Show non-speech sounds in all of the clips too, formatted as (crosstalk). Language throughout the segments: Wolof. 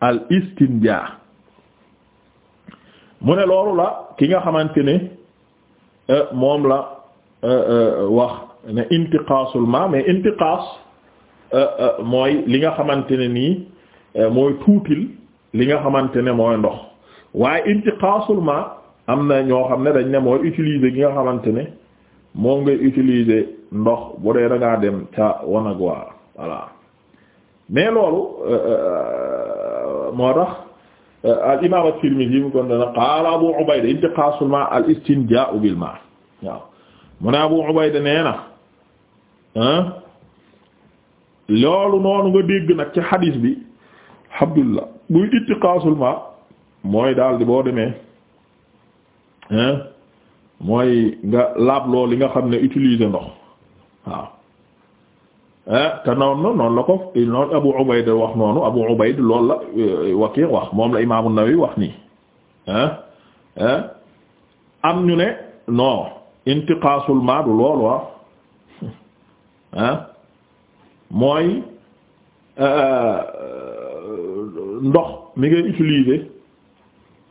al istinja mu ne loolu la ki nga xamante ne euh, moom la euh, euh, wax ne intiqaasul ma mais intiqaas mooy li nga xamante ne nii mooy tuutil li nga xamante ne mooy ndox waaye intiqaasul ma am na ñoo xam ne dañ ne mooy utiliser gi nga xamante ne moom ngay utiliser ndox bu dee da dem ca wanag waa voilà mais loolu moo tax euh, al imaam at-Tirmidhi mu kon dana qaala Abu Ubayda intaqaasul maa al istinjaa'u bil maa mu ne Abu Ubayda nee na loolu noonu nga dégg nag ci xadiis bi Abdullah buy intaqaasul maa mooy daal di boo demee mooy nga laab loolu li nga xam ne utiliser ndox Eh, te noonu noonu la ko noonu Abu Ubayd wax noonu Abu Ubayd loolu la eh, Waki' wax moom la Imaam an wax nii eh, am ñu ne non intiqaasul maa loolu ah (laughs) mooy ndox mi ngay utiliser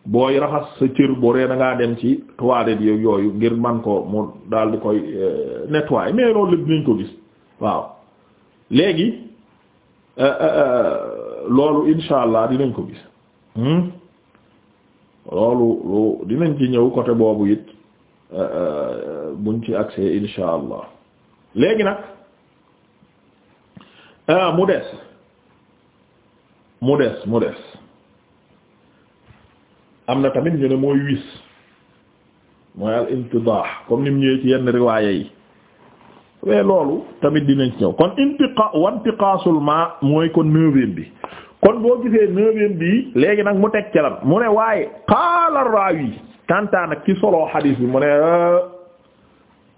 booy raxas sa cër boo ree da dem ci toilette yooyu ngir man ko mu daal di koy nettoyer mais loolu lépp dinañ ko gis waaw léegi euh, euh, euh, loolu insha allah dinañ ko gis hmm? loolu lu dinañ ci ñëw côté boobu it buñ ci accès insha allah léegi nag mu des mu des mu des am na tamit ñu ne mooy wis mooy al intibaax comme ni mu ñëwee ci yenn riwaaya yi mais loolu tamit dinañ ci ñëw kon intiqa ma mooy kon neuvième bi kon boo gisee neuvième bi léegi nag mu teg ci lan mu ne waaye qaala raawi kantaa nag ci solo xadiis bi mu ne eh,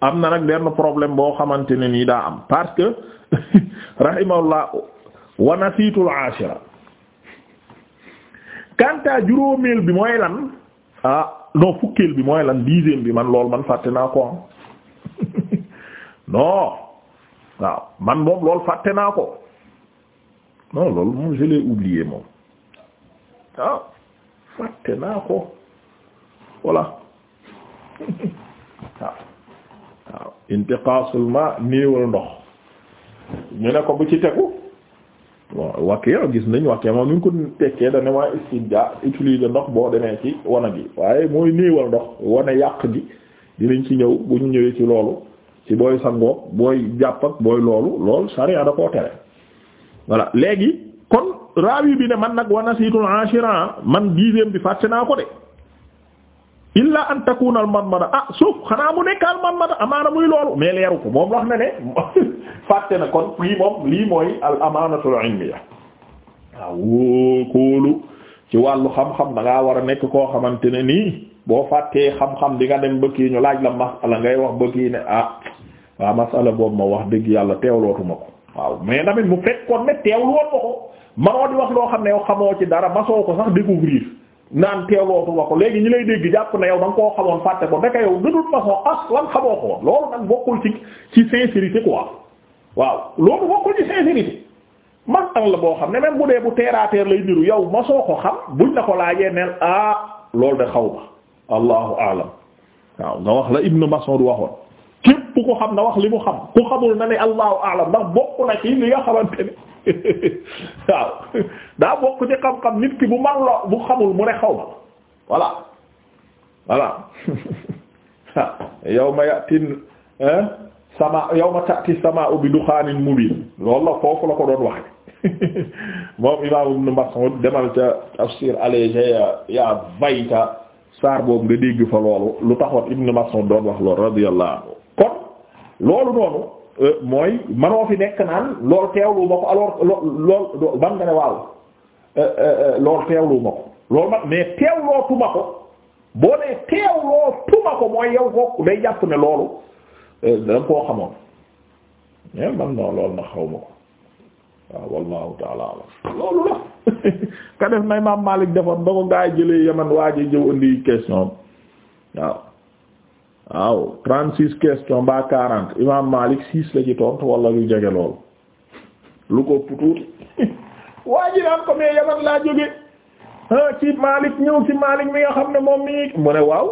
am na nag benn problème boo xamante ne nii daa am parce que (laughs) rahimahullah wa nasiitul ashira kantaa juróomeel bi mooy lan ah non fukkeel bi mooy lan dixième bi man loolu man fàtte naa ko (laughs) non waaw man moom loolu fàtte naa ko non loolu moom je l'ai oublié moom waaw ah, fàtte naa ko voilà (laughs) waaw waaw néewal ndox ñu ne ko bu ci tegu bon wakke gis nañ wakke moom ñu ko tekkee dane waaye istidja utiliser ndox boo demee ci wana gi waaye mooy néewal ndox wane yàq gi dinañ ci ñëw bu ñu ñëwee ci loolu ci booy sangoog booy jàpp booy loolu lool sariya da koo tere voilà léegi kon raawi bi ne man nag wa nasiitul ashira man dixième bi fàtte naa ko de illa an takuna al marmada ah suuf xanaa mu nekk al amaana muy loolu mais leeru ko moom wax na ne (laughs) fàtte na kon lii moom lii mooy al amaanatul ilmiya waaw woo kóolu ci wàllu xam-xam da war a nekk koo xamante ne nii boo fàttee xam-xam di nga dem bëgg ñu laaj la masala ngay wax bëgg yi ne ah waaw masala boobu ma wax dégg yàlla teewlootuma ko waaw mais tamit mu fekkoon ne teewloon ma ko manoo di wax loo xam ne yow xamoo ci dara masoo ko sax naan teewlootuma ko léegi ñu lay dégg jàpp na yow da koo xamoon fàtte ko ndeke yow gënul façon as ah, lan xamoo ko woon loolu ci ci sincérité quoi waaw loolu bokkul boo xam ne même bu dee bu terre lay niru yow masoo ko xam buñ na ko laajee neen ah loolu de xaw ma allahu aalam waaw nga wax la Ibnu Mas'ud waxoon képp ku xam na wax li na ne li nga xamante ne (laughs) waaw daa bokk ci xam-xam nit ki bu man bu xamul mu ne xaw ma voilà voilà (laughs) yawma yatin sama yawma tati samaa'u bi duxaanin mubiin loolu la foofu la ko doon waxe (laughs) moom imaam Ibnu Mas'ud demal ca tafsir allégé ya bayta saar boobu nga dégg fa loolu lu taxoon Ibn Mas'ud doon wax loolu radiyallahu anhu kon loolu noonu euh, mooy manoo fi nekk naan loolu teewlu ma ko alors loolu ban ne waaw euh, euh, loolu teewlu ma ko loolu ma mais teewloo tuma ko boo nee teewloo tuma ko mooy yow kooku day jàpp ne loolu da koo xamoon mais eh, man non loolu na xaw ma ko waaw wallahu taala alam loolu la (laughs) ka def na imaam Maalik defoon ba ko gaa jëlee Yaman waa ji jëw indi question waaw waaw trente-six question ba quarante imaam Maalik six la ci tontu wala lu jege loolu lu ko putuuti (laughs) waa ji naan ko mais Yaman laa jóge ci Maalik ñëw ci Maalik mi nga xam ne moom mi mu waaw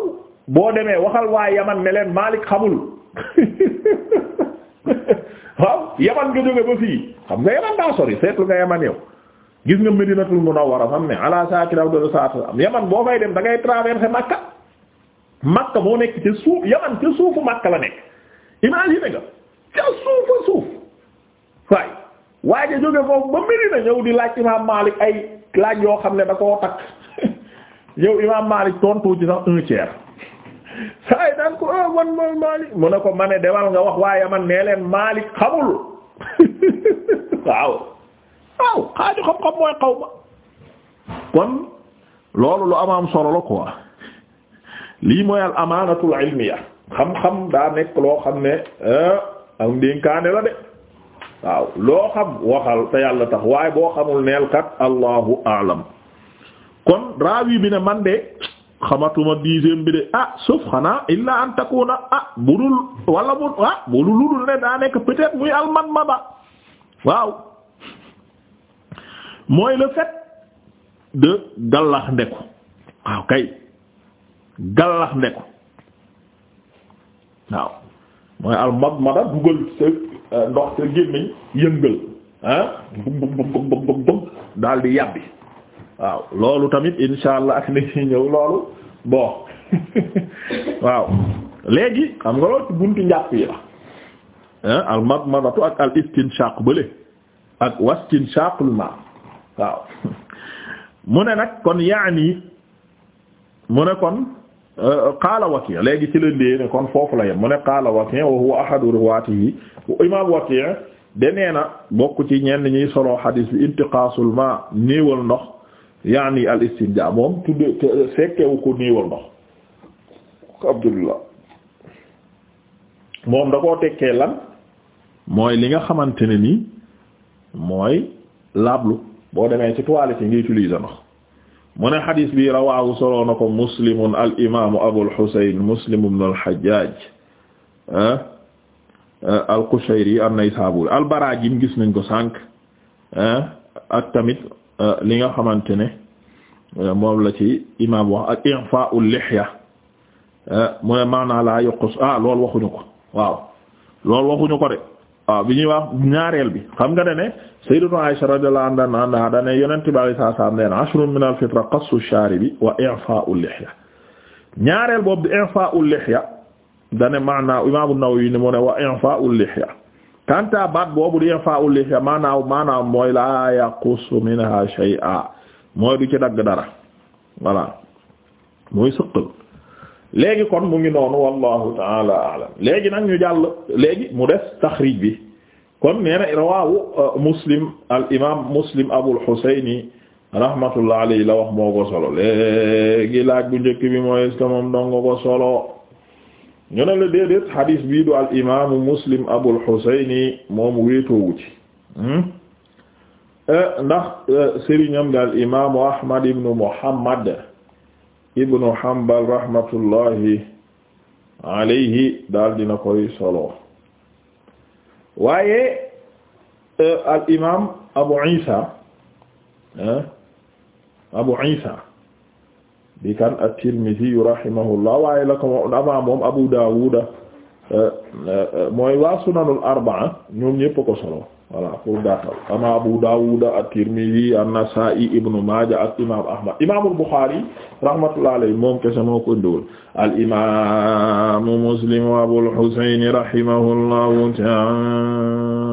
boo demee waxal waa Yaman ne leen xamul (laughs) waaw yaman nga jóge ba fii xam nga yaman daa sori seetlu nga yaman yow gis nga Medinatul Munawwara fam ne ala sakira abdol saatsalam yaman boo fay dem da ngay traverser Makka Makka boo nekk ca suuf yaman ca suufu Makka la nekk imagine nga ca suufa suuf waay waaye ja jóge foofu ba Medina ñëw di laaj Imam Malik ay laaj yoo xam ne da koo takk (laughs) yow Imam Malik tontu ci sax un tiers saa yi daan ko ah man mooy Malik mu ne ko ma ne demal nga wax waaye man nee leen Malik xamul (laughs) waaw waaw xaaju xam-xam mooy xaw ma kon loolu lu amaam solo la quoi lii mooy al amaanatul ilmiya xam loo xam ne ah, ak ndénkaane la xam waxal alam kon raawi bi ne man de xamatuma dixième bi de ah sauf xanaa illa an takuna ah budul wala bu ah budul ludul ne daa nekk peut muy alman ma waaw mooy le fait de gallax ndeku waaw kay gallax ndeku waaw mooy almad mada dugal sa euh, ndox sa gémmiñ yëngal ah bum bum bum bum bum daal di yàbbi waaw loolu tamit insha allah ak nañu ñëw loolu bon (laughs) waaw léegi xam nga loolu ci buntu njàpp yi la al madmadatu ak al istinshaq bële ak wastinshaqul ma waaw (laughs) mu ne nag kon yaani mu ne kon euh, qaala Waki' léegi ci leen dee ne kon foofu la yem mu ne qaala Waki' wa huwa ahadu riwaatihi imaam Waki' de nee na bokk ci ñenn ñuy solo xadiis bi intiqaasul ma néewal ndox yaani al istinja moom tudde fekkewu ko néewal ndox abdullah moom da koo tekkee lan mooy li nga xamante ne ni mooy laablu boo demee ci toilette yi ngi utiliser ndox mu ne xadis bi rawaahu soloo ko muslimun al imaamu abul husayn muslim ibn al hajjaj ah, ah, al qushayri an-naysaburi al baraajim gis nañ ko sànq ah, ak tamit Euh, li nga xamante ne euh, moom la ci imaam wax ak i'fa'ul lihya euh, mu ne maanaa laa yokkus ah loolu waxuñu ko waaw loolu waxuñu ko de waaw ah, bi ñuy wax ñaareel bi xam nga ne ne sayyidatu Aisha radiyallahu anha da ne yonent bi alayhi salaam ne ashrun min al-fitra qassu sharibi wa i'fa'ul lihya ñaareel boobu di i'fa'ul lihya da ne maanaa imaam an-Nawawi ne mu ne wa i'fa'ul lihya kanta baat boobu di fa'ul li maanaaw maanaaw mooy laa yaqusu minha shay'a mooy du ci dagg dara voilà mooy sëqal léegi kon mu ngi noonu wallahu taala alam léegi nag ñu jàll léegi mu des taxrij bi kon nee na rawaawu uh, muslim al imam muslim abul xusayni rahmatullah alayhi la wax moo ko solo léegi laaj bu njëkk bi mooy est dongo ko solo ñu ne la déedéet xadiis bii du al imaamu muslim abul xuseyni moom wéetoowu ci hmm? eh, ndax eh, sëriñam di al imaamu ahmad ibnu muhammad ibnu hambal rahmatullahi alayhi daal dina koy solo waaye eh, al imaam abu isa abu isa di kan at-Tirmidhi rahimahullah waaye la ko avant moom Abu Dawud euh, euh, mooy waa sunanul arbaa ñoom ñépp ko solo voilà pour gàttal ama Abu Dawud at-Tirmidhi an-Nasa'i Ibn Majah ak imam Ahmad imamul Bukhari rahmatullah alayhi moom kese moo ko indiwul al imam Muslim wa Abul Husayn rahimahullahu ta'ala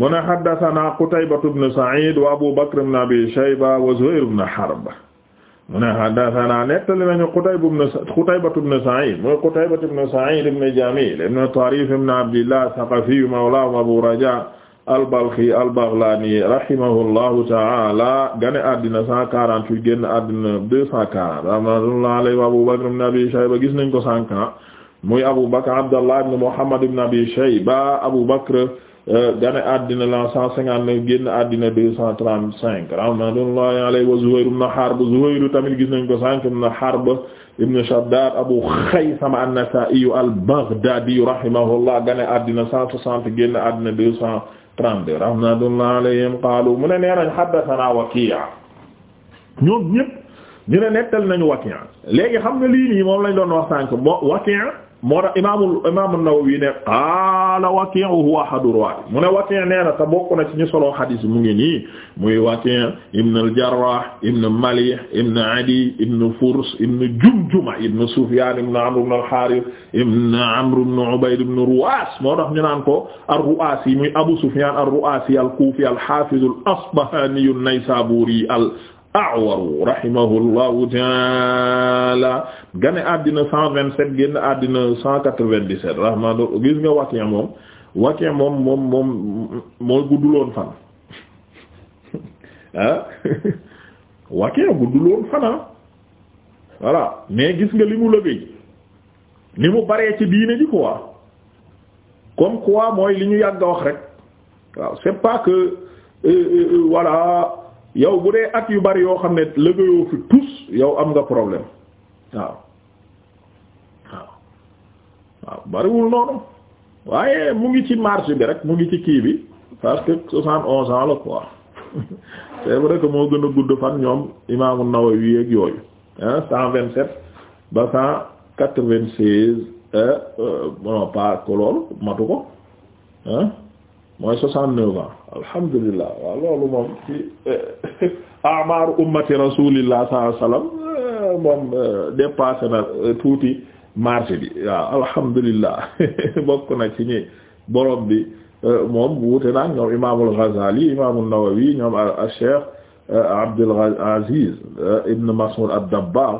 mu ne haddasanaa Qutaybatu bnu Sa'iid wa Abuu Bakr bnu Abii Shayba wa Zuhayr bnu Harb mu ne haddasanaa nettali nañu Qutaybatu bnu Sa'iid mooy Qutaybatu bnu Sa'iid bnu Jamiil bnu Tariif bnu Abdillah Saqafi mawlaahum Abuu Rajaa' al-Balkhi al-Baghlaani rahimahullahu ta'aala gane àddina 148 génn àddina 240 rahmatullahi alayhi wa Abuu Bakr bnu Abii Shayba gis nañ ko sànq muy Abuu Bakr Abdallah ibnu Muhammad ibnu Abii Shayba Abuu Bakr Euh, gane àddina la 159 génn àddina 235 rahmatullahi alayhi wa Zuhayr ibn Harb Zuhayr tamit gis nañ ko sànq ibn Harb ibn Shaddad Abu Khaythama an-Nasa'i al-Baghdadi rahimahullah gane àddina 160 génn àddina 232 rahmatullahi alayhim qaalu mu ne nee nañ haddathana Waki' ñoom ñëpp ñu ne nettal nañu Waki' léegi xam nga lii nii moom lañ doon wax moo tax imaamul imaamu Nawawi ne qaala Waki' huwa ahadu ruwaat mu ne Waki' nee na te bokk na ci ñu solo xadiis mu ngi nii muy Waki' ibn al-Jarrah ibn Malih ibn Adi ibn Furs ibn Jumjuma ibn Sufyan ibn Amr ibn al-Harith ibn Amr ibn Ubayd ibn Ru'as moo tax ñu naan ko ar-Ru'asi muy Abu Sufyan ar-Ru'asi al-Kufi al-Hafiz al-Asbahani an-Naysaburi al A'waru rahimahullahu ta'ala gane àddina 127 génn àddina 197 rahmatulah gis nga Waki' moom Waki' moom moom moom mooy (laughs) ah? (laughs) gudduloon fan ah Waki' gudduloon fan voilà mais gis nga li mu lëgëj li mu baree ci diine ji quoi comme quoi mooy li ñu yàgg a wax rek waaw c'est pas que euh, euh, euh, voilà. yow bu dee at yu bari yoo xam ne liggéeyoo fi tous yow am nga problème waaw waaw waaw bariwul noonu waaye mu ngi ci marché bi rek mu ngi ci kii bi parce que soixante onze ans la quoi (laughs) c'est vrai que moo gën a gudd fan ñoom imaamu Nawawi ak yooyu ah cent vingt sept ba cent quatre vingt seize bon euh, euh, pas que matu ko mooy soixante-neuf ans alhamdulillah waaw loolu moom ci eh, (laughs) amaaru ummati rasulillah sallallahu alayhi wasallam eh, moom eh, dépassé na tuuti marché bi waaw alhamdulillah (laughs) bokk na ci ñi borom bi moom wuute naag ñoom imaamul Ghazali imaamul Nawawi ñoom Cheikh Abdul Aziz ibn Mas'ud ad-Dabbagh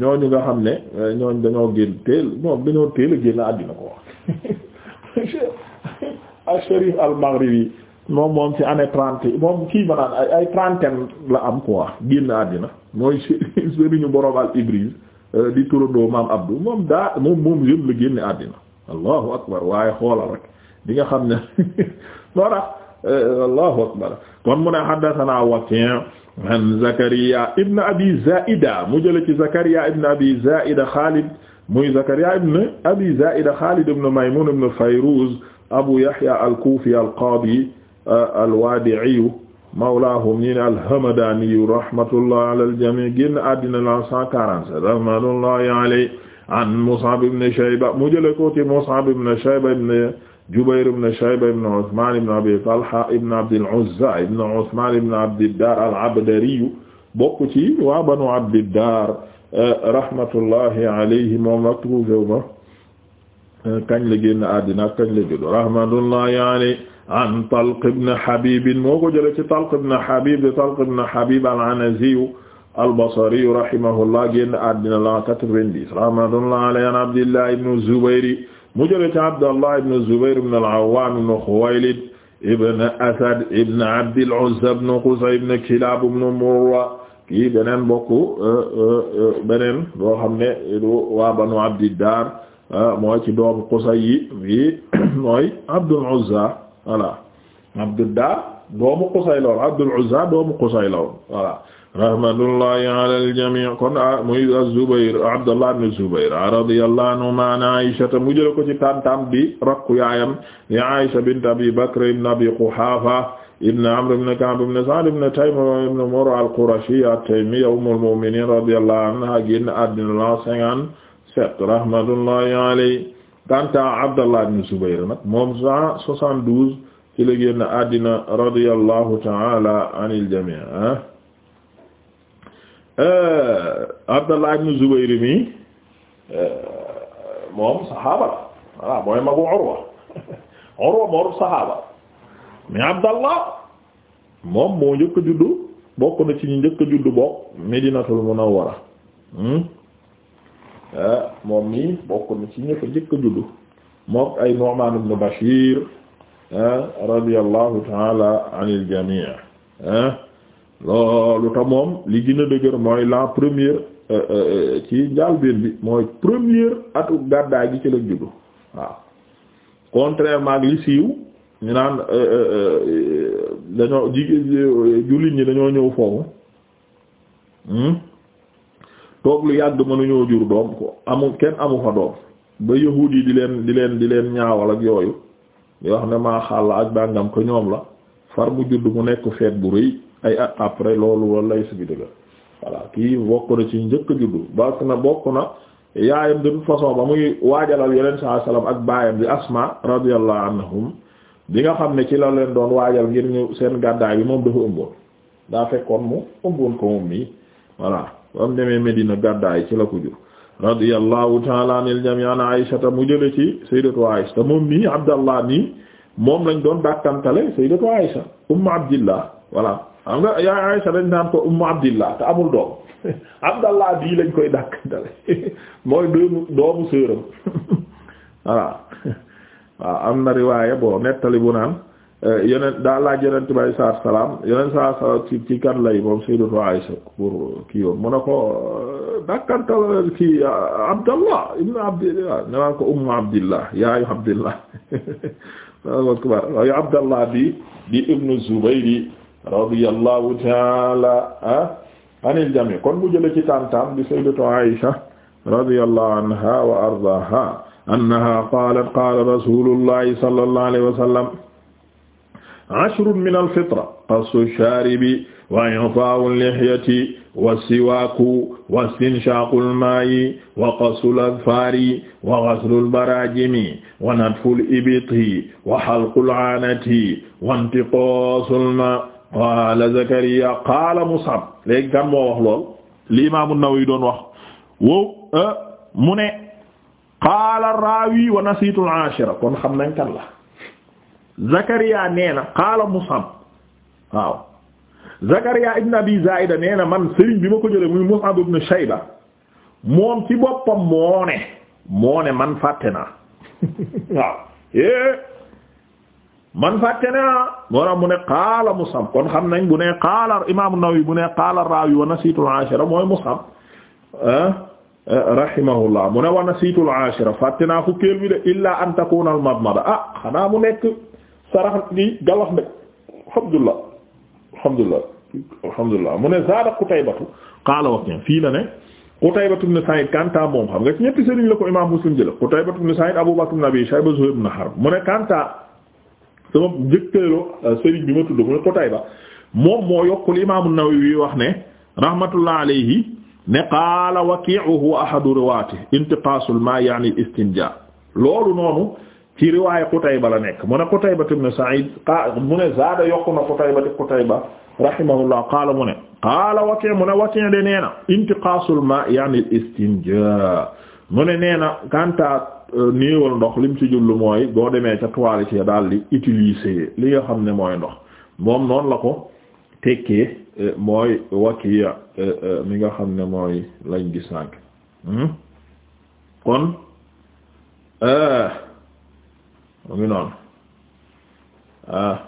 ñooñu nga xam ne ñooñ dañoo génn teel moom dañoo teel a génn àddina ko wax (laughs) ak Chérif al moom kii ma àddina mooy sëriñu (laughs) boroom euh, di turandoo àddina allahu akbar waaye xoolal rek di nga xam ne (laughs) moo tax euh, allahu akbar kon mu ne haddathana Waki' an Zakariya ibn Abi Zaida mu jële ci Zakariya ibn Abi Zaida Khalid muy Zakariya ibn Abi Zaida Khalid ibn Maymun ibn Fayruz abu yahya al-kufi al-qadi euh, al-wadi'i mawlaahum ñi ne al-hamadaniyu rahmatullah ala al-jami' génn àddina la 147 rahmatullahi alayhi an mus'ab ibn shayba mu jële ko ci mus'ab ibn shayba ibn jubayr ibn shayba ibn uthman ibn abi talha ibn abd al-uzza ibn uthman ibn abd ad-dar al-abdariyu bokk ci waa banu abd ad-dar euh, rahmatullahi alayhi moom nag trouvéwuma kañ la génn àddina kañ la juddu rahmatullahi alayhi an Talq ibn Habib moo ko jëlee ci Talq ibn Habib de Talq ibn Habib al-Anazi al-Basri rahimahullah génn àddina la 90 rahmatullahi alayhi an Abdullah ibn Zubayr mu jëlee ci Abdullah ibn Zubayr ibn al-Awwam ibn Khuwaylid ibn Asad ibn Abd al-Uzza ibn Qusay ibn Kilab ibn Murra kii beneen bokk euh, euh, euh, beneen boo xam ne waa Banu Abd ad-Dar Ah, mooy ci doomu Qusay yi bi (coughs) mooy Abdul Uzza voilà Abdudda doomu Qusay la woon Abdul Uzza doomu Qusay la woon voilà rahmatullahi ala al-jami' kon ah, muy az-Zubayr Abdullah ibn Zubayr ah, radiyallahu anhuma an Aisha mu jël ko ci tantam bi rakku yaayam ya Aisha bint Abi Bakr ibn Abi Quhafa ibn Amr ibn Ka'b ibn Sa'd ibn Tayma ibn Murra al-Qurashiyya at-Taymiyya ummul mu'minin radiyallahu anha génn àddina la 50 sept rahmatullahi alayhi kanta Abdallah ibn Zubayr nag moom cent soixante-douze ci la génn àddina radiyallahu ta'ala anil jami' ah. eh, Abdallah ibn Zubayr mi eh, moom saxaaba la mooy magu Urwa (laughs) Urwa moom saxaaba mais Abdallah moom moo njëkk a bokk na ci ñu njëkk bokk Medinatul Munawwara hmm? Ah, moom mii bokk na ci ñëpp njëkk a juddu mook ay Nu'man ibn Bashir ah, radiyallahu taala anil jami' ah, loolu ta li gën a dëgër mooy la première euh, euh, ci njàlbéen bi mooy première atu gàddaay gi ci la juddu waaw contrairement ak li siiw ñu naan euh, dañoo jigéen jullit ñi dañoo ñëw foofu hmm? toog lu yàgg ma mënuñoo jur doom ko amu kenn amu fa doom ba yahuud yi di leen di leen di leen ñaawal ak yooyu di wax ne maa ak dàngam ko ñoom la far mu judd mu nekk feet bu rëy ay après loolu la lay si biir kii bokk na ci njëkk a juddu bokk na bokk na yaayam de toute façon ba muy waajalal yeneen saa salaam ak baayam bi Asma radiyallahu anhum bi nga xam ne ci la leen doon waajal ngir ñu seen gàddaay bi moom dafa ëmboon daa fekkoon mu ëmboon ko moom mii voilà. ba mu demee Medina gàddaay ci la ko jur radiyallahu ta'ala anil jami' an Aysata mu jële ci sayyidatu Aysa te moom nii Abdallah nii moom lañ doon dàkkantale sayyidatu Aysa ummu Abdillah voilà xam nga yaa Aysa dañ naan ko ummu Abdillah te amul doom (laughs) Abdallah bii lañ koy dàkkantale (laughs) mooy doomu doomu séeram (laughs) voilà waaw am na riwaaya boo nettali bu naan Euh, yeneen daa laaj yeneen tibay saa salaam yeneen saa salaam ci ci kan lay moom Sayyidatu Aisha pour euh, kii yoon mu ne ko euh, dakkantal kii Abdallah ibn Abdillah ne naan ko Ummu Abdillah yaayu Abdillah (laughs) Allahu akbar yaayu Abdallah bi di ibnu Zubayr radiyallahu ta'ala ah, anil jami kon mu jële ci tantam di Sayyidatu Aisha radiyallahu anha wa ardaha annaha qalat qala rasulullahi sallallahu alayhi wa sallam ashrun min alfitra qassu sharibi wa infaa'u lihyati wa siwaaku wa istinshaaqu almaa'i wa qassu al-azfaari wa ghaslu al-baraajimi wa natfu al-ibiti wa halqu al-aanati wa intiqaasu al-maa' qaala Zakariya qaala Mus'ab léegi kan moo wax lool li Imaam An-Nawawi doon wax wow eh, mu ne qaala raawi wa nasiitu al-aashira kon xam nañ kan la Zakaria nee na qaala Mus'ab waaw Zakaria ibn Abi Zaida nee na man sëriñ bi ma ko jëlee muy Mus'ab ibn Shayba moom ci boppam moo ne moo ne man fàtte naa (laughs) waaw eh man fàtte naa borom mu ne qaala Mus'ab kon xam nañ bu ne qaala Imaam An-Nawawi bu ne qaala raawi wa nasiitul aashira mooy Mus'ab ah, rahimahullah mu ne wa nasiitul aashira fàtte naa fukkeel bi de illaa an takuuna al-madmada ah xanaa mu nekk. sarax gi gallax ndek alhamdulillah alhamdulillah mu ne zaada Qutaybatu qaala wax fii la ne Qutaybatu ibn Sa'id kanta moom xam nga ci ñetti sëriñ la ko imam Muslim jël Qutaybatu ibn Sa'id Abu Bakr ibn Abi Shayba Zuhayr ibn Harb mu ne kanta sama jëkkeeloo euh, sëriñ bi ma tudd mu ne Qutayba moom moo yokkul imam an-Nawawi wax ne rahmatullah alayhi ne qaala Waki'u huwa ahadu riwaatihi ci riwaayu ba la nekk mu ne Qutayba ibn Sa'id qa mu ne zaada yokku na Qutayba di Qutayba rahimahullah qaala mu ne qaala Waki' mu ne Waki' de nee na intiqaasul ma yaani al mu ne nee na kanta euh, néewal ndox lim ci jullu mooy boo demee ca toilette ya daal di utiliser li nga xam ne mooy ndox moom noonu la ko tekkee euh, mooy Waki' euh, mi nga xam ne mooy lañ gis nànk hmm? kon mu ngi noonu ah.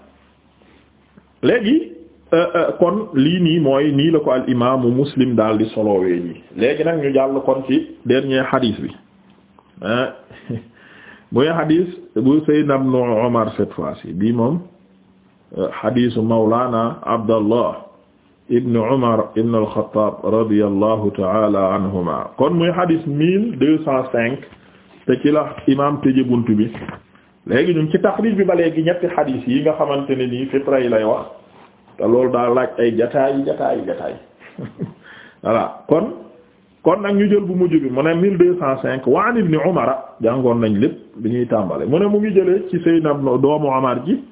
léegi euh, euh, kon lii nii mooy nii la ko al imaamu muslim daal di solowee nii léegi nag ñu jàll kon ci dernier xadiis bi ah. (laughs) muy xadiis bu sayyidna ibnu Umar cette fois-ci moom xadiisu euh, mawlaana Abdallah ibnu Umar ibnu al-Xattaab ta'ala anhuma kon muy xadiis mille deux cent cinq te ci la imaam tëje bunt bi léegi ñun ci taxriij bi ba léegi ñetti xadiis yi nga xamante ne nii fitra yi lay wax te loolu daal laaj ay jataayi jataayi jataay (laughs) voilà kon kon nag ñu jël bu mujj bi mu ne mille deux cent cinq wa an ibni umara jàngoon nañ lépp bi ñuy tàmbale mu ne mu ngi jëlee ci sayyidina doomu umar ji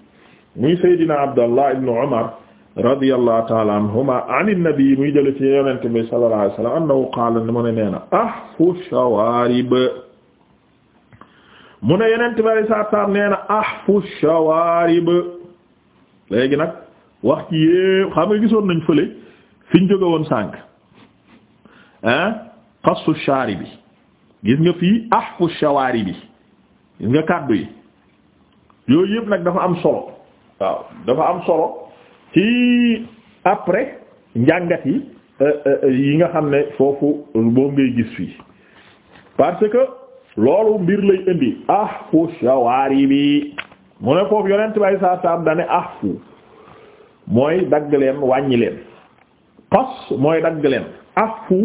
muy sayyidina abdallah ibnu umar radiyallahu taala anhuma an nabi muy jëlee ci yonente bi sallallahu alayhi wasallam annahu qaala ne mu ne nee na ahfu shawarib mu ne yeneen tibari saa saam nee na ahfu shawarib léegi nag wax ci yépp xam nga gisoon nañ fële fiñ jóge woon sànk ah xassu shaaribi gis nga fii ahfu shawaaribi gis nga kàddu yi yooyu yëpp nag dafa am solo waaw dafa am solo ci après njàngat yi euh, euh, yi nga xam ne foofu boobu ngay gis fii loolu mbir lay indi ahfu shawaaribi mu ne foofu yonent bay saa saam dane ahfu mooy dagg leen wàññi leen qas mooy dagg leen ahfu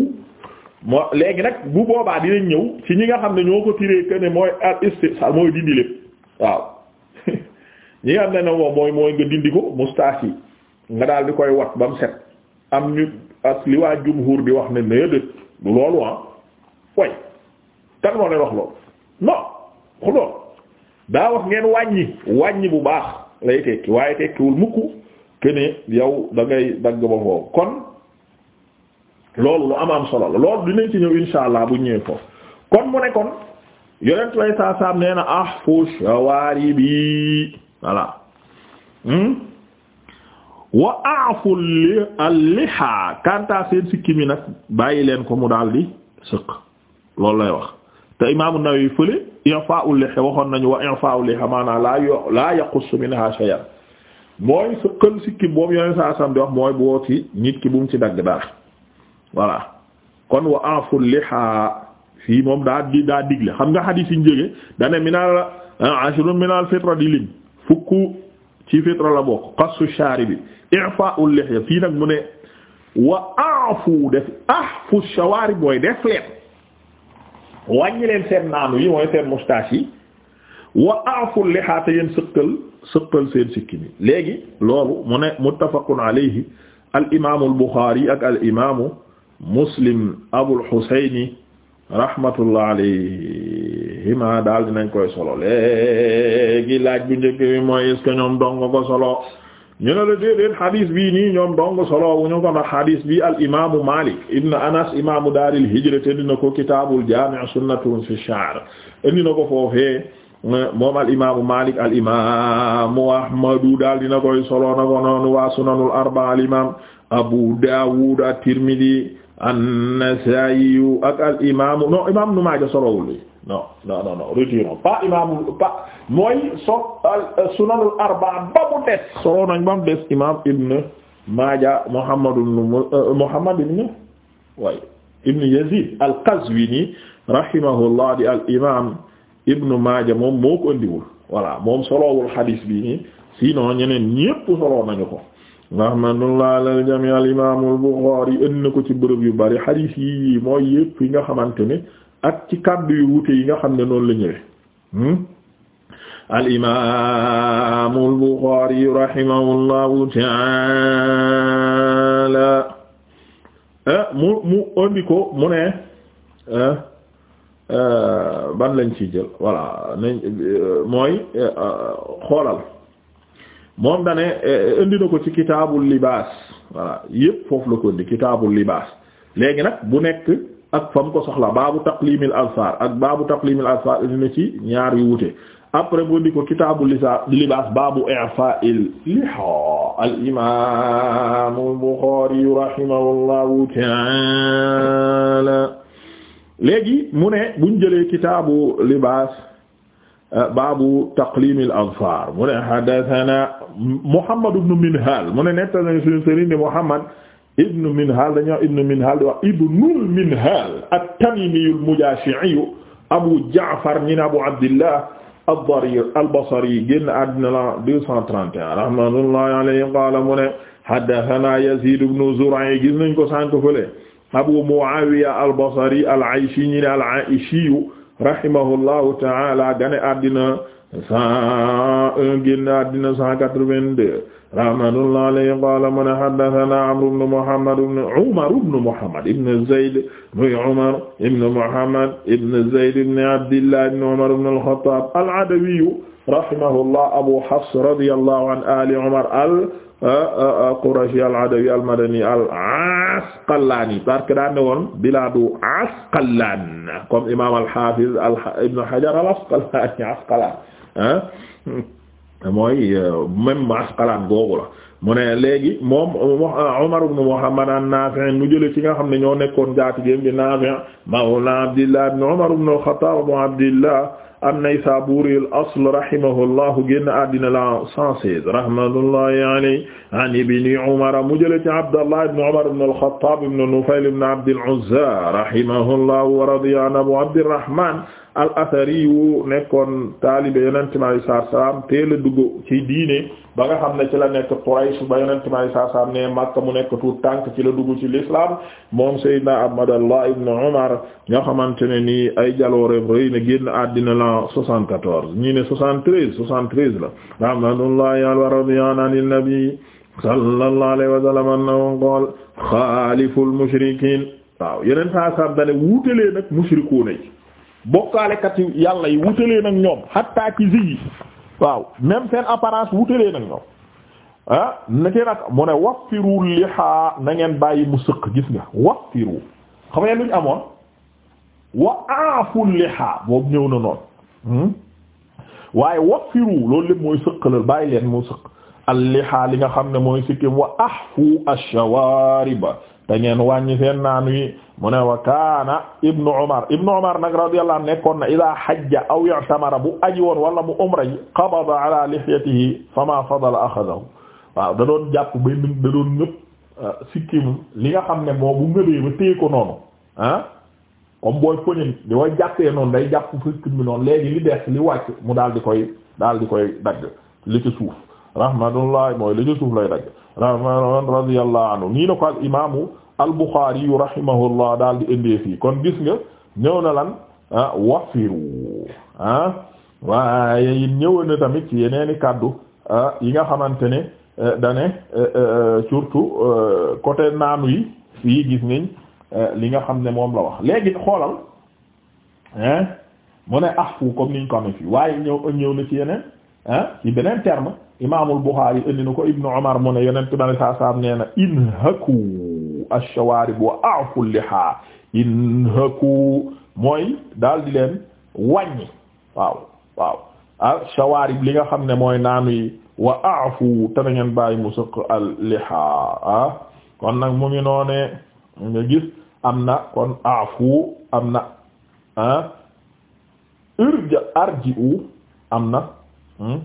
moo léegi nag bu boobaa dinañ ñëw ci ñi nga xam ne ñoo ko tiré que ne mooy al istihsal mooy dindi lépp waaw (laughs) ñi nga xam ne ne moom mooy mooy nga dindi ko moustache nga daal di koy wat ba mu set am ñu ak li waa jumhur di wax ne nee du loolu ah way kan moo leen wax loolu non xulool daa wax ngeen wàññi wàññi bu baax lay tekki waaye tekkiwul mukk ke ne yow da ngay dagg ba kon loolu lu am am solo la loolu dinañ ci ñëw insha allah bu ñëwee foofu kon mu ne kon yonent lay saa saam nee na ah fu shawaari bi voilà hmm? wa aafu li alliha kanta seen sikki mi nag bàyyi leen ko mu daal di sëq loolu lay wax te imaamu Nawawi fële i'faa'ul liha waxoon nañu wa i'faa'ul liha maanaam laa yo laa yaqussu minha shay'an mooy sa xël sikkim boobu yoneen sa asam bi wax mooy boo ci nit ki ci dagg dara voilà kon wa a'ful liha fii moom daa digle xam nga xadiis yi njëge dane minal ashrun minal fitra di lim fukk ci fitra la bokk qassu shaari bi i'faa'ul liha fii nag mu ne wa a'fu def ahfu shawaari mooy def leen wàññi leen seen naanu yi mooy seen moustache yi wa aful lixaata yéen sëqal sëqal seen sikkim yi léegi loolu mu ne muttafaqun alayhi al imaamu al buxaari ak al imaamu muslim abul xusayni rahmatullah alayhima daal dinañ koy solo léegi laaj bu njëkk bi mooy est-ce que ñoom dong ko solo. ñu ne la déedéet hadith bii nii ñoom dong solo wu ñu ko ndax hadith bii al imaamu Malik ibn Anas imaamu daaril hijra te na ko kitaabul jaami' sunnatun fi sha'r indi na ko foofee moom al imaamu Malik al imaamu Ahmadu daal dina koy solo na ko noonu waa sunanul arba'a al imaam Abu Dawud at-Tirmidhi an-Nasa'i ak al imaamu non imaam nu solowul li non non non non retirons pas imaamu pas mooy so sunanul arba'a ba mu des solo nañ ba mu des Ibn Maaja Muhammad ibn euh, Muhammad ibn way ibn Yazid al di al imaam Ibn Maaja moom moo ko andiwul voilà moom solowul xadiis bi nii sinon ñeneen ñépp solo nañu ko rahmatullah alal jami al imaam al Buxaari indi na ko ci bërëb yu bari xadiis yi mooy yépp yi nga xamante ni ak ci kàddu yu wute yi nga xam ne noonu la ñëwee al imaam al Buxaari rahimahullahu eh, mu mu indi ko mu ne eh, eh, ban lañ ci jël voilà nañ mooy xoolal moom dane eh, eh, indi na ko ci kitaabul libaas voilà yépp foofu la ko indi libaas léegi nag bu nekk ak fam ko soxla baabu taqlimil alfar ak baabu taqlimil alfar indi na ci ñaar yu wute après bu indi ko kitaabul lisa libaas baabu i'fa'il liha al imaamu Buxaari rahimahullahu ta'ala léegi mu ne buñ jëlee kitaabu libaas baabu taqlim al-azfar mu ne haddathana Muhammad ibn Minhal mu ne nettali suñu sëriñ di Muhammad ibn Minhal dañuy wax ibn Minhal di wax ibnul Minhal at-Tamimi al-Mujashi'i Abu Ja'far ñi ne Abu Abdillah ad-Darir al-Basri génn àddina la 231 rahmatullahi alayhi qala mu ne haddathana Yazid ibn Zur'a gis nañ ko sànq fële Abu Muawiya al-Basri al-Ayshi ñi ne al-Ayshi rahimahullahu ta'ala gane addina cent un génn addina cent quatre-vingt-deux rahmatullah alayhi qala man haddathana Amr ibn Muhammad ibn Umar ibn Muhammad ibn Zayd muy Umar ibn Muhammad ibn Zayd ibn Abdillah ibn Umar ibn al-Khattab al-Adawi rahimahullah Abu Hafs radiyallahu an ali Umar al Ah, ah, ah, qurashi al adawi al madani al asqalani parce que daa ne woon biladu asqalan comme imam al hafiz ibn hajar al asqalani asqalan (laughs) mooy euh, même asqalan googu la mu ne léegi moom euh, Umar ibn Muhammad an Nafi' mu jële ci nga xam ne ñoo nekkoon jaati géem di Nafi' mawla Abdillah ibn Umar ibn al-Khattab Abdillah an-Naysaburi al-asl rahimahullahu génn àddina la 116 rahmatullahi alayhi an ibni Umar mu jële ci Abdallah ibn Umar ibn al-Khattab ibn Nufayl ibn Abd al-Uzza rahimahullahu wa radiya anhu Abu Abdirrahman al asari yu nekkoon taalibe yonent mi alayhi salaatu salaam teel ci diine ba nga xam ne ci la nekk Quraysh ba yonent mi alayhi salaatu salaam ne Makka mu nekk tuut tànk ci la dugg ci l'islam moom Seydina Abdallah ibn Umar nga xamante ne nii ay jalooreem rëy na génn àddina la 74 ñii ne 73 73 la rahmatullahi wa radiyallahu anil nabi sallallahu alayhi wa sallam annahu qaala xaaliful mushrikiin waaw yeneen saa saam dane bokkaalekat yàlla yi wutalee nag ñoom xattaa ci zigi waaw même seen apparence wutalee nag ñoom ah na mu ne waffiru lihaa na ngeen bàyyi mu sëq gis nga waffiru xam ngeen luñ amoon wa aafu lihaa boobu ñëw na noonu hmm? waaye waffiru loolu lépp mooy sëqalal bàyyi leen mu sëq al li nga xam ne mooy sikkim wa ahfu ash-shawaariba da ngeen wàññi seen naan wi mu ne wa kaana ibnu umar ibnu umar nag radiyallahu anhu nekkoon na ila xaj aw i'tamara bu aji woon wala mu umra ji qabada ala lihyatihi fama fadala axadahu waaw da doon jàpp ba da doon ñëpp ah, sikkim li nga xam ne moo bu ngëbee ba téye ko noonu ah comme booy poñin di way jàppee noonu day jàpp sikkim bi noonu léegi li des li wàcc mu daal di koy daal di koy dagg li ci suuf rahmatullah mooy li ci suuf lay dagg rahmatullah radiyallahu anhu nii la ko al imaamu al Buxaari yu rahimahullah daal di fii kon gis nga ñëw na lan ah wafiru ah waaye it ñëw tamit ci yeneeni kàddu yi nga xamante ne eh, dane eh, eh, surtout côté naanu yi fii gis nañ li nga xam ne moom la wax léegi xoolal mu ne ahfu comme niñ ko amee fii waaye ñëw ñëw na ci yeneen ah ci beneen terme imaamul Buxaari indi na ko Ibnu Umar mu ne yonent bi alayhi salaam nee na inhaku ash-shawarib wa a'fu al inhaku mooy daal di leen wàññi waaw waaw ash-shawarib li nga xam ne mooy naa yi wa a'fu te na ngeen bàyyi mu sëq al-liha ah. kon nag mu ngi noonee nga gis am na kon a'fu am na ah irja arji'u am na hmm.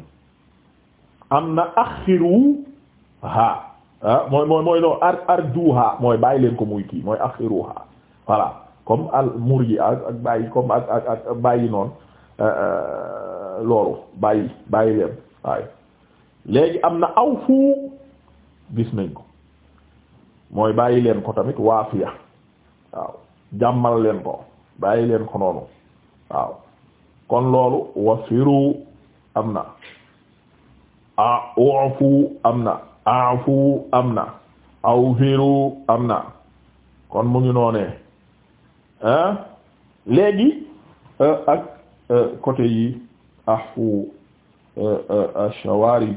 am na axiru ha mooy mooy mooy non ar arjuha mooy bàyyi leen ko muy kii mooy axiruha voilà comme al murji ak ak bàyyi comme ak ak bàyyi noonu euh, euh, loolu bàyyi bàyyi leen léegi am na awfu gis nañ ko mooy bàyyi leen ko tamit waafiya waaw jàmmal leen ko bàyyi leen ko noonu waaw kon loolu wafiru am na a ufu am na afu am na awfiru am na kon mu ngi noonee ah léegi euh, ak euh, côté yi ahfu euh, ash-shawarib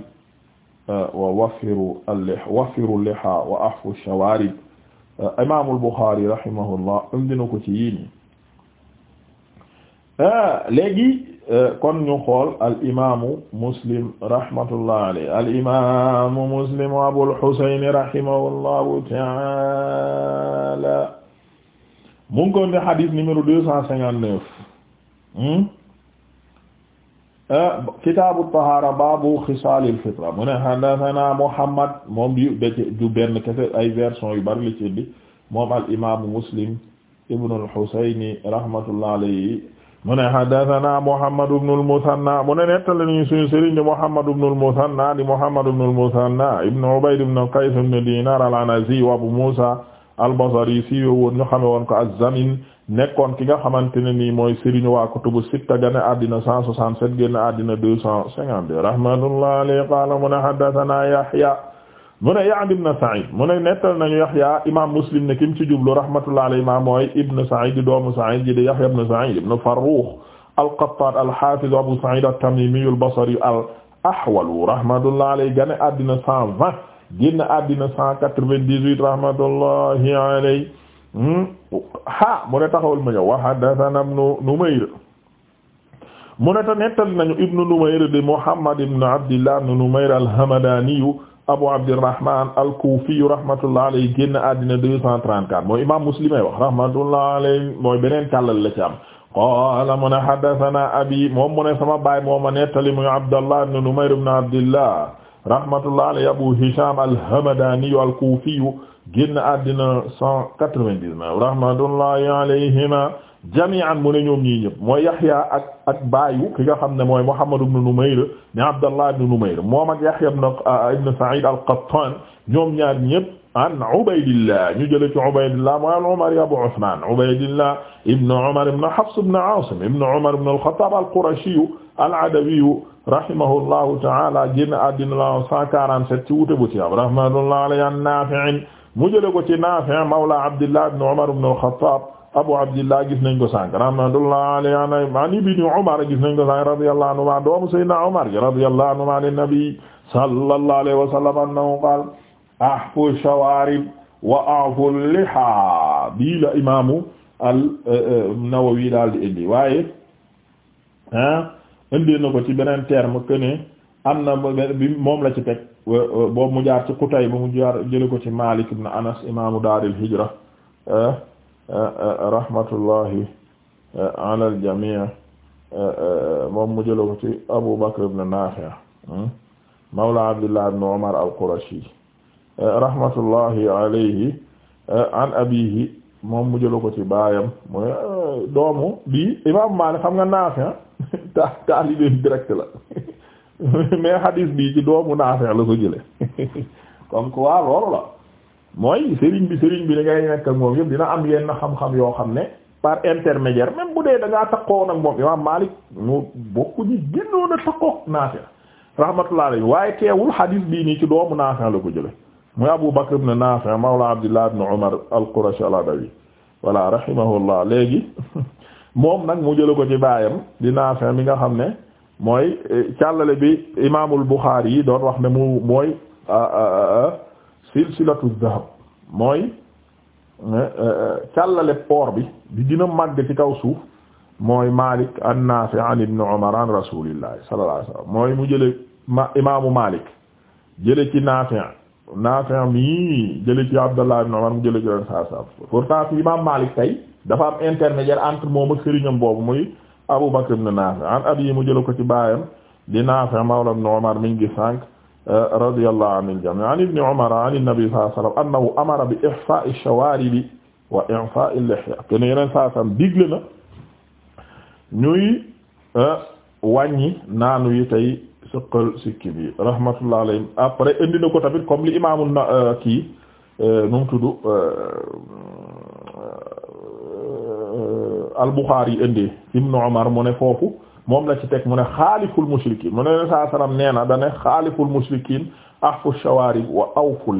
wa wafiru al-liha wafiru al-liha wa ahfu ash-shawarib imam al-Bukhari rahimahullah indi na ko ci yii kon ñu xool al imaamu muslim rahmatullah alayhi al imaamu muslim abul husayn rahimahullahu ta'ala mu ngi ko ne hadith numéro deux cent cinquante neuf hmm? ah, kitaabu tahaara baabu xisaalil fitra mu ne haddathana muhammad moom di du benn kese ay version yu bari la ci indi moom al imaamu muslim ibn al husayn rahmatullah alayhi mu ne haddathana Muhammad ibn muthanna mu nettali nañu suñu sëriñ di Muhammad ibn muthanna di Muhammad ibn muthanna ibn Ubayd ibn Qays ibn Dinar al-Anazi wa Musa al-Basri siiwe woon ñu xame woon ko az-Zamin nekkoon ki nga xamante ne nii mooy sëriñ waa kutubu sitta gane addina 167 génn addina 252 rahmatullahi alayhi qala mu ne Yahya mu ne Ya'ni ibn Sa'id mu ne nettal nañu Yahya imam Muslim ne kim ci jublu rahmatullahi alayhi ma mooy ibn Sa'id doomu Sa'id ji di Yahya ibn Sa'id ibn Farrukh al-Qattan al-Hafiz Abu Sa'id at-Tamimi al-Basri al-Ahwal rahmatullahi alayhi gane addina 120 génn addina 198 rahmatullahi alayhi hmm? ha mu ne taxawal ma ñëw wa haddathana ibn Numayr mu ne ta nettal nañu ibn Numayr di Muhammad ibn Abdillah ibn Numayr al-Hamadani Abu Abdirrahman al-Kufi rahmatullah alayhi génn àddina 234 mooy imaam Muslim ay wax rahmatullah alayhi mooy beneen tàllal la ci am qaala mu ne haddathana abi moom mu ne sama baay moo ma nettali muy Abdallah ibn Numayr ibn Abdillah rahmatullah alayhi Abu Hisham al-Hamadani al-Kufi génn àddina 199 rahmatullahi alayhima jami'an mu ne ñoom ñii ñëpp mooy Yaxya ak ak baayu ki nga xam ne mooy Muhammad ibn Numayr ni Abdallah ibn Numayr moom ak Yaxya ah, ibn Sa'id al-Qattan ñoom ñaar ñëpp an Ubaydillah ñu jëlee ci Ubaydillah mooy al-Umari Abu Usman Ubaydillah ibn Umar ibn Hafs ibn Asim ibn Umar ibn al-Khattab al-Qurashi al-Adawi rahimahullahu ta'ala génn àddina la 147 ci wuute bu ci am rahmatullahi alayhi an Nafi' mu jëlee ko ci Nafi' mawla Abdillah ibn Umar ibn al-Khattab Abu Abdillah gis nañ ko sànq rahmatullah alayhi an ibni Umar gis nañ ko sànq radiyallahu anhuma doomu Seydina Umar radiyallahu anhuma an nabi sallallahu alayhi wa sallam annahu qaala ahfu shawarib wa a'fu liha bii la imaamu an-Nawawi eh, eh, daal di indi waaye ah indi na ko ci beneen terme que ne am moom la ci teg boobu mu jaar ci Qutayba mu jaar jële ko ci Malik ibn Anas imaamu daaril hijra eh, rahmatullahi eh, ala al-jamii eh, eh, moom mu jël ko ci Abu Bakr ibn Nafi' hmm? mawla Abdullah ibn Umar al-Qurashi rahmatullahi alayhi an abihi moom mu jël ko ci baayam mooy doomu bi Imam Maalik xam nga Nafi' (laughs) ta taalibe direct la (laughs) mais hadis bi ci doomu Nafi' la ko jële comme (laughs) quoi loolu la mooy sëriñ bi sëriñ bi da ngay nekk ak moom yëpp dina am yenn xam-xam yoo xam ne par intermédiaire même bu dee da ngaa takkoo nag moom imaam Maalik mu bokk ñi gënoon a takkoo Naafi rahmatullahi waaye teewul hadis bii nii ci doomu Naafi la ko jële muy Abu Bakr ibn Naafi mawla Abdullah ibn Umar al-Qurashi al-Adawi voilà rahimahullah léegi (laughs) moom nag mu jële ko ci baayam di Naafi mi nga xam ne mooy eh, càllale bi imaamul Buxaari yi doon wax ne mu mooy ah, ah, ah, silsilatu dhahab mooy eh, eh, càllale poor bi bi dina màgg ci kaw suuf mooy Malik an Nafi an ibn Umar an rasulillahi sallallahu alayhi wasallam mooy mu jële ma imaamu Malik jële ci Nafi Nafi mi jële ci Abdallah ibn Umar mu jële ci ren saa saa pourtant fi imaam Malik tey dafa am intermédiaire entre moom ak sëriñam boobu muy Abu Bakr ibn an abi mu jële ko ci baayam di Nafi mawla ibn Umar mi ngi radiyallahu anil jami' an ibni umara an nabi sallallahu alayhi wa sallam annahu amara bi ihfa'i shawaaribi wa i'fa'i lihya te ne yeneen saa sam digle na ñuy eh, wàññi naanu yi tey sëqal sikki bi rahmatullah alayhim après indi na ko tamit comme li imaamul na eh, kii eh, nu mu tudd al-Bukhari yi indi ibnu Umar mu ne foofu moom la ci teg mu ne xaaliful mushrikiin mu ne ne saa salaam na da ne xaaliful mushrikiin ahfu shawaarib wa awfu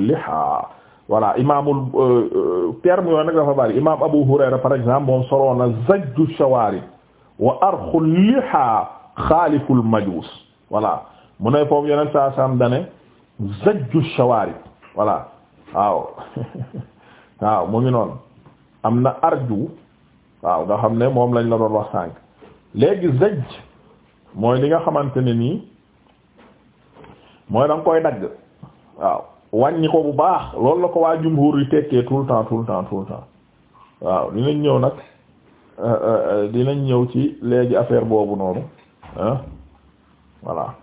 voilà imaamul euh, euh, terme yooyu nag dafa bari imaam Abu par exemple moom soroon na zajju shawaarib wa arxu liha xaaliful majuus voilà mu ne foofu yeneen saa salaam voilà (laughs) waaw mu ngi am na arju waaw nga xam ne moom lañ la doon wax sànq. léegi zaj mooy li nga xamante ne nii mooy da nga koy dagg waaw wàññi ko bu baax loolu la ko waa jumhur li tekkee tout le temps tout le temps waaw dinañ ñëw nag euh, euh, euh, dinañ ñëw ci léegi affaire boobu noonu ah voilà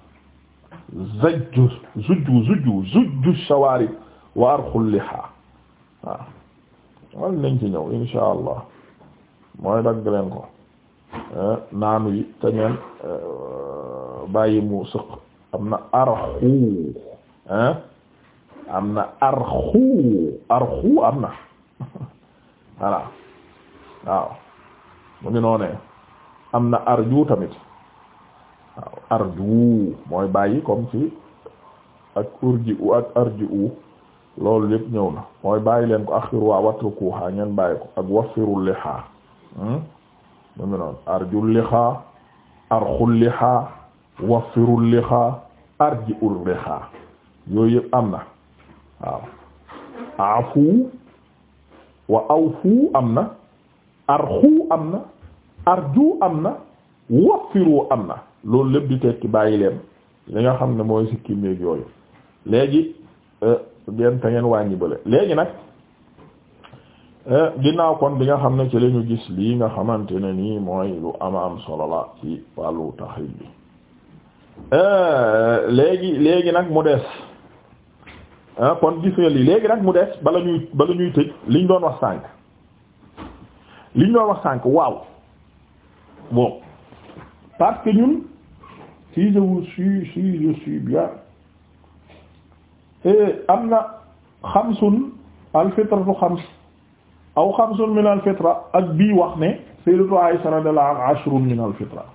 zajju zujju zujju zujju shawarib wa arxul liha waaw wal nañ ci ñëw insha allah mooy dagg leen ko Euh, naanu yi te ñeen euh, bàyyi mu sëq am na arxu ah am na arxu arxu am na (laughs) voilà waaw mu ngi noonee am na arju tamit waaw arju mooy bàyyi comme ci ak urji u ak arji u loolu yëpp ñëw na mooy bàyyi leen ko axiru waa watrukuha ngeen bàyyi ko ak wafiru liha hmm? mu ngi noonu arjul lixa arxul lixa waffirul lixa arjiul lixa yooyu yëpp am na waaw afu wa awfu am na arxu am na arju am na waffiru am na loolu lépp di tekki bàyyi leen li nga xam ne mooy sikki néeg yooyu léegi euh, ngeen te ngeen wàññi bële léegi nag Eh, ginnaaw kon bi nga xam ne ci la ñu gis lii nga xamante ne nii mooy lu ama am solo la ci wàllu taxrij bi eh, léegi léegi nag mu des eh, kon gis nga lii léegi nag mu des bala ñuy bala ñuy tëj liñ doon wax sànk liñ doon wax sànk waaw bon parce que ñun si je vous suis si je suis bien am na xamsun al fitratu xam aw xamsun min al fitra ak bii wax ne sayyidatu Aisha radiyallahu anha ashrun min al fitra